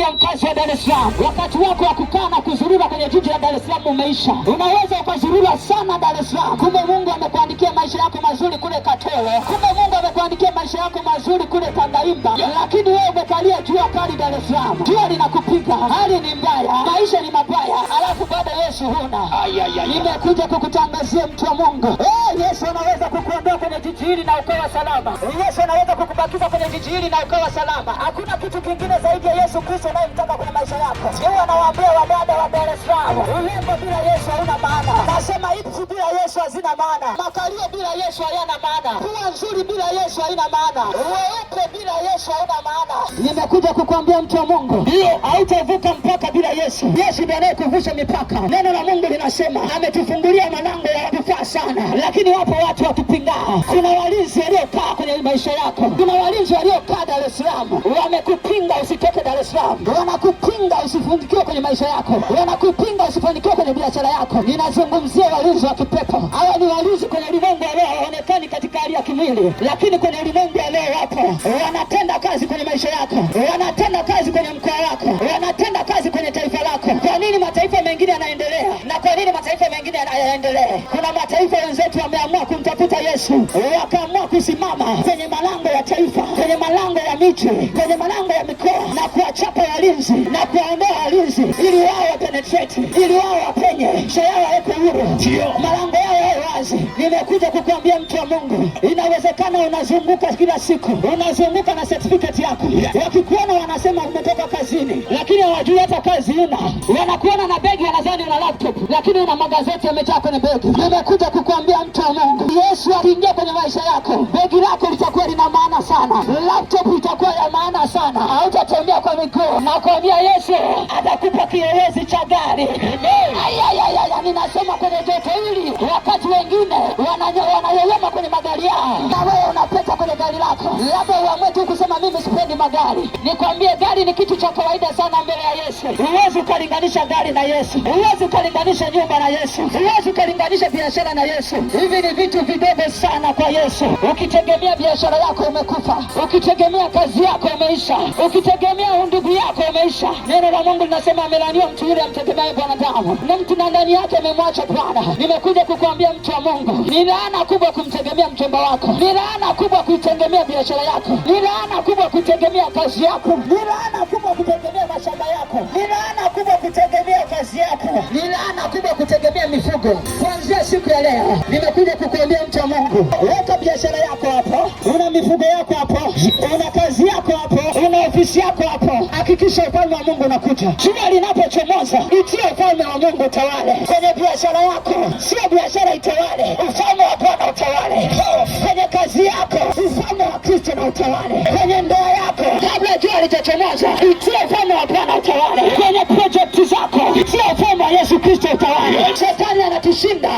Nakwambia mkazi wa Dar es Salaam, wakati wako wa kukaa na kuzurura kwenye jiji la Dar es Salaam umeisha. Unaweza ukazurura sana Dar es Salaam, kumbe Mungu amekuandikia maisha yako mazuri kule Katowe, kumbe Mungu amekuandikia maisha yako mazuri kule tandaimba lakini wewe umekalia jua kali Dar es Salaam, jua linakupiga, hali ni mbaya, maisha ni mabaya, alafu bado Yesu huna. Nimekuja kukutangazia mtu wa Mungu, hey, eh, Yesu anaweza kukuondoa kwenye jiji hili na ukawa salama. Eh, Yesu anaweza kukubakiza kwenye jiji hili na ukawa salama. Hakuna kitu kingine zaidi ya Yesu Kristo anayemtaka kwenye maisha yako. Yeye anawaambia wadada wa Dar es Salaam, ulimbo bila Yesu hauna maana, nasema ibsi bila Yesu hazina maana, makalio bila Yesu hayana maana, kuwa nzuri bila Yesu haina maana maana, weupe bila Yesu hauna maana. Nimekuja kukwambia mtu wa Mungu, ndio hautavuka mpaka bila Yesu. Yesu ndiye anayekuvusha mipaka. Neno la Mungu linasema ametufungulia malango ya kufaa sana, lakini wapo watu watupingao. Kuna walinzi waliokaa kwenye maisha yako, kuna walinzi waliokaa Dar es Salaam, wamekupinga usitoke Dar es Salaam, wanakupinga usifanikiwe kwenye maisha yako, wanakupinga usifanikiwe kwenye biashara yako. Ninazungumzia walinzi wa kipepo. Hawa ni walinzi kwenye ulimwengu habari ya kimwili, lakini kwenye ulimwengu ya leo wapo wanatenda kazi kwenye maisha yako, wanatenda kazi kwenye mkoa wako, wanatenda nini mataifa mengine yanaendelea na kwa nini mataifa mengine yanaendelea? Kuna mataifa wenzetu wameamua kumtafuta Yesu, wakaamua kusimama kwenye malango ya taifa, kwenye malango ya miji, kwenye malango ya mikoa na kuwachapa walinzi na kuwaondoa walinzi, ili wao wapenetrate, ili wao wapenye, sho yao waweke huru, malango yao yawe wazi. Nimekuja kukuambia mtu wa Mungu, inawezekana unazunguka kila siku, unazunguka na certificate yako, wakikuona wanasema umetoka kazini, lakini hawajui hata kazi una anakuona na begi anadhani una laptop, lakini una magazeti yamejaa kwenye begi. Nimekuja kukuambia mtu wa Mungu, Yesu akiingia kwenye maisha yako, begi lako litakuwa lina maana sana, laptop itakuwa ya maana sana, hautatembea kwa miguu. Nakwambia Yesu atakupa kielezi cha gari. Ninasema kwenye joto hili, wakati wengine wanayoyoma kwenye magari yao, na wewe unapeta kwenye gari lako, labda uamue tu kusema mimi kama gari. Nikwambie, gari ni kitu cha kawaida sana mbele ya Yesu. Huwezi ukalinganisha gari na Yesu, huwezi ukalinganisha nyumba na Yesu, huwezi ukalinganisha biashara na Yesu. Hivi ni vitu vidogo sana kwa Yesu. Ukitegemea biashara yako umekufa, ukitegemea kazi yako umeisha, ukitegemea undugu yako umeisha. Neno la Mungu linasema amelaniwa mtu yule amtegemee bwanadamu na mtu na ndani yake amemwacha Bwana. Nimekuja kukuambia mtu wa Mungu, ni laana kubwa kumtegemea mchumba wako, ni laana kubwa kuitegemea biashara yako, ni laana kubwa kutegemea kutegemea kazi yako, ni laana kubwa kutegemea mashamba yako, ni laana kubwa kutegemea kazi yako, ni laana kubwa kutegemea mifugo. Kuanzia siku ya leo, nimekuja kukuambia mcha Mungu, weka biashara yako hapo, una mifugo yako hapo, una kazi yako hapo, una ofisi yako hapo. Hakikisha ufalme wa Mungu unakuja. Jua linapochomoza, itie ufalme wa Mungu tawale kwenye biashara yako, sio biashara itawale ufalme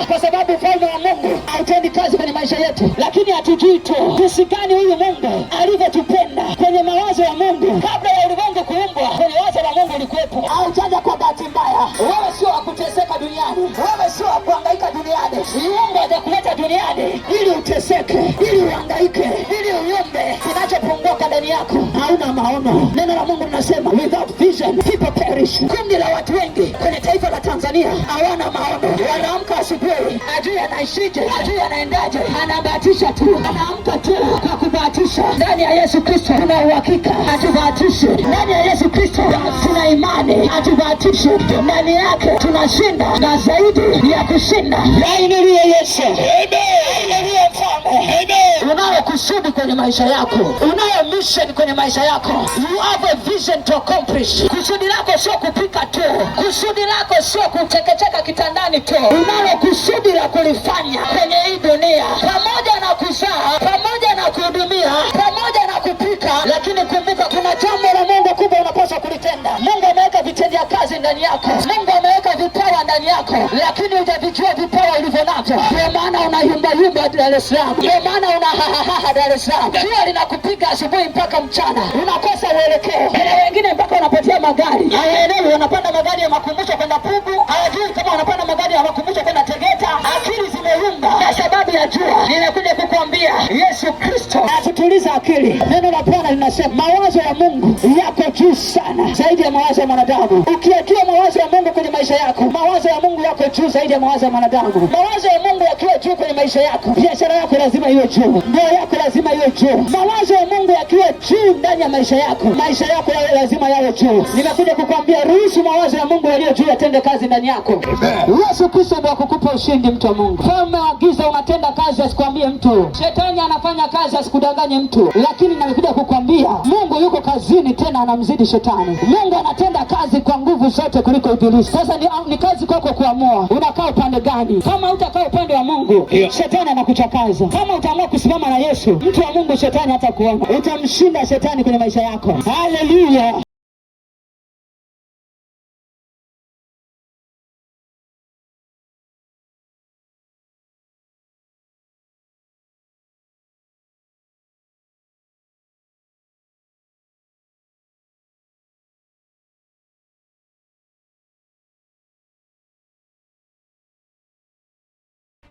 kwa sababu ufalme wa Mungu hautendi kazi kwenye maisha yetu, lakini hatujui tu jinsi gani huyu Mungu alivyotupenda kwenye mawazo ya Mungu. Kabla ya ulimwengu kuumbwa, kwenye wazo la Mungu ulikuwepo. Haujaja kwa bahati mbaya. Wewe sio wa kuteseka duniani, wewe sio wa kuhangaika duniani. Mungu atakuleta duniani ili uteseke, ili uhangaike, ili uyumbe. kinachopungua ndani yako hauna maono. Neno la Mungu linasema without vision people kuishi. Kundi la watu wengi kwenye taifa la Tanzania hawana maono, wanaamka asubuhi, ajui anaishije, ajui anaendaje, anabahatisha tu, anaamka tu kwa kubahatisha. Ndani ya Yesu Kristo tuna uhakika, hatubahatishi. Ndani ya Yesu Kristo tuna imani, hatubahatishi. Ndani yake tunashinda na zaidi ya kushinda. Haleluya Yesu. Amen unayo kusudi kwenye maisha yako, unayo mission kwenye maisha yako. You have a vision to accomplish. Kusudi lako sio kupika tu, kusudi lako sio kuchekecheka kitandani tu, unalo kusudi la kulifanya kwenye hii dunia, pamoja na kuzaa, pamoja na kuhudumia, pamoja na kupika. Lakini kumbuka, kuna jambo la Mungu kubwa unapaswa kulitenda. Mungu ameweka vitendea kazi ndani yako, Mungu ameweka vipawa ndani yako, lakini hujavijua vipawa ulivyo navyo karibu Dar es Salaam. Ndio maana una hahaha Dar es Salaam, jua linakupiga asubuhi mpaka mchana, unakosa uelekeo. Kuna wengine mpaka wanapotea magari, hawaelewi wanapanda magari ya makumbusho kwenda Pugu, hawajui kama wanapanda magari ya makumbusho kwenda Tegeta. Akili zimeunga kwa sababu ya jua. Ninakuja kukuambia Yesu Kristo Tuliza akili. Neno la Bwana linasema mawazo ya Mungu yako juu sana zaidi ya mawazo ya mwanadamu. Ukiatia mawazo ya Mungu kwenye maisha yako, mawazo ya Mungu yako juu zaidi ya mawazo ya mwanadamu. Mawazo ya Mungu yakiwa juu kwenye maisha yako, biashara yako lazima iwe juu, ndoa yako lazima iwe juu. Mawazo ya Mungu yakiwa juu ndani ya maisha yako, maisha yako yawe lazima yawe juu. Nimekuja kukwambia, ruhusu mawazo ya Mungu yaliyo juu yatende kazi ndani yako. Yesu Kristo ndio akukupa ushindi, mtu wa Mungu. Kama giza unatenda kazi, asikwambie mtu. Shetani anafanya kazi, asikudanganye kwenye mtu, lakini nalikuja kukwambia Mungu yuko kazini, tena anamzidi shetani. Mungu anatenda kazi kwa nguvu zote kuliko Ibilisi. Sasa ni, ni kazi kwako kuamua unakaa upande gani. Kama utakaa upande wa Mungu yeah, shetani anakuchakaza. Kama utaamua kusimama na Yesu mtu wa Mungu, shetani hata kuona utamshinda shetani kwenye maisha yako. Haleluya!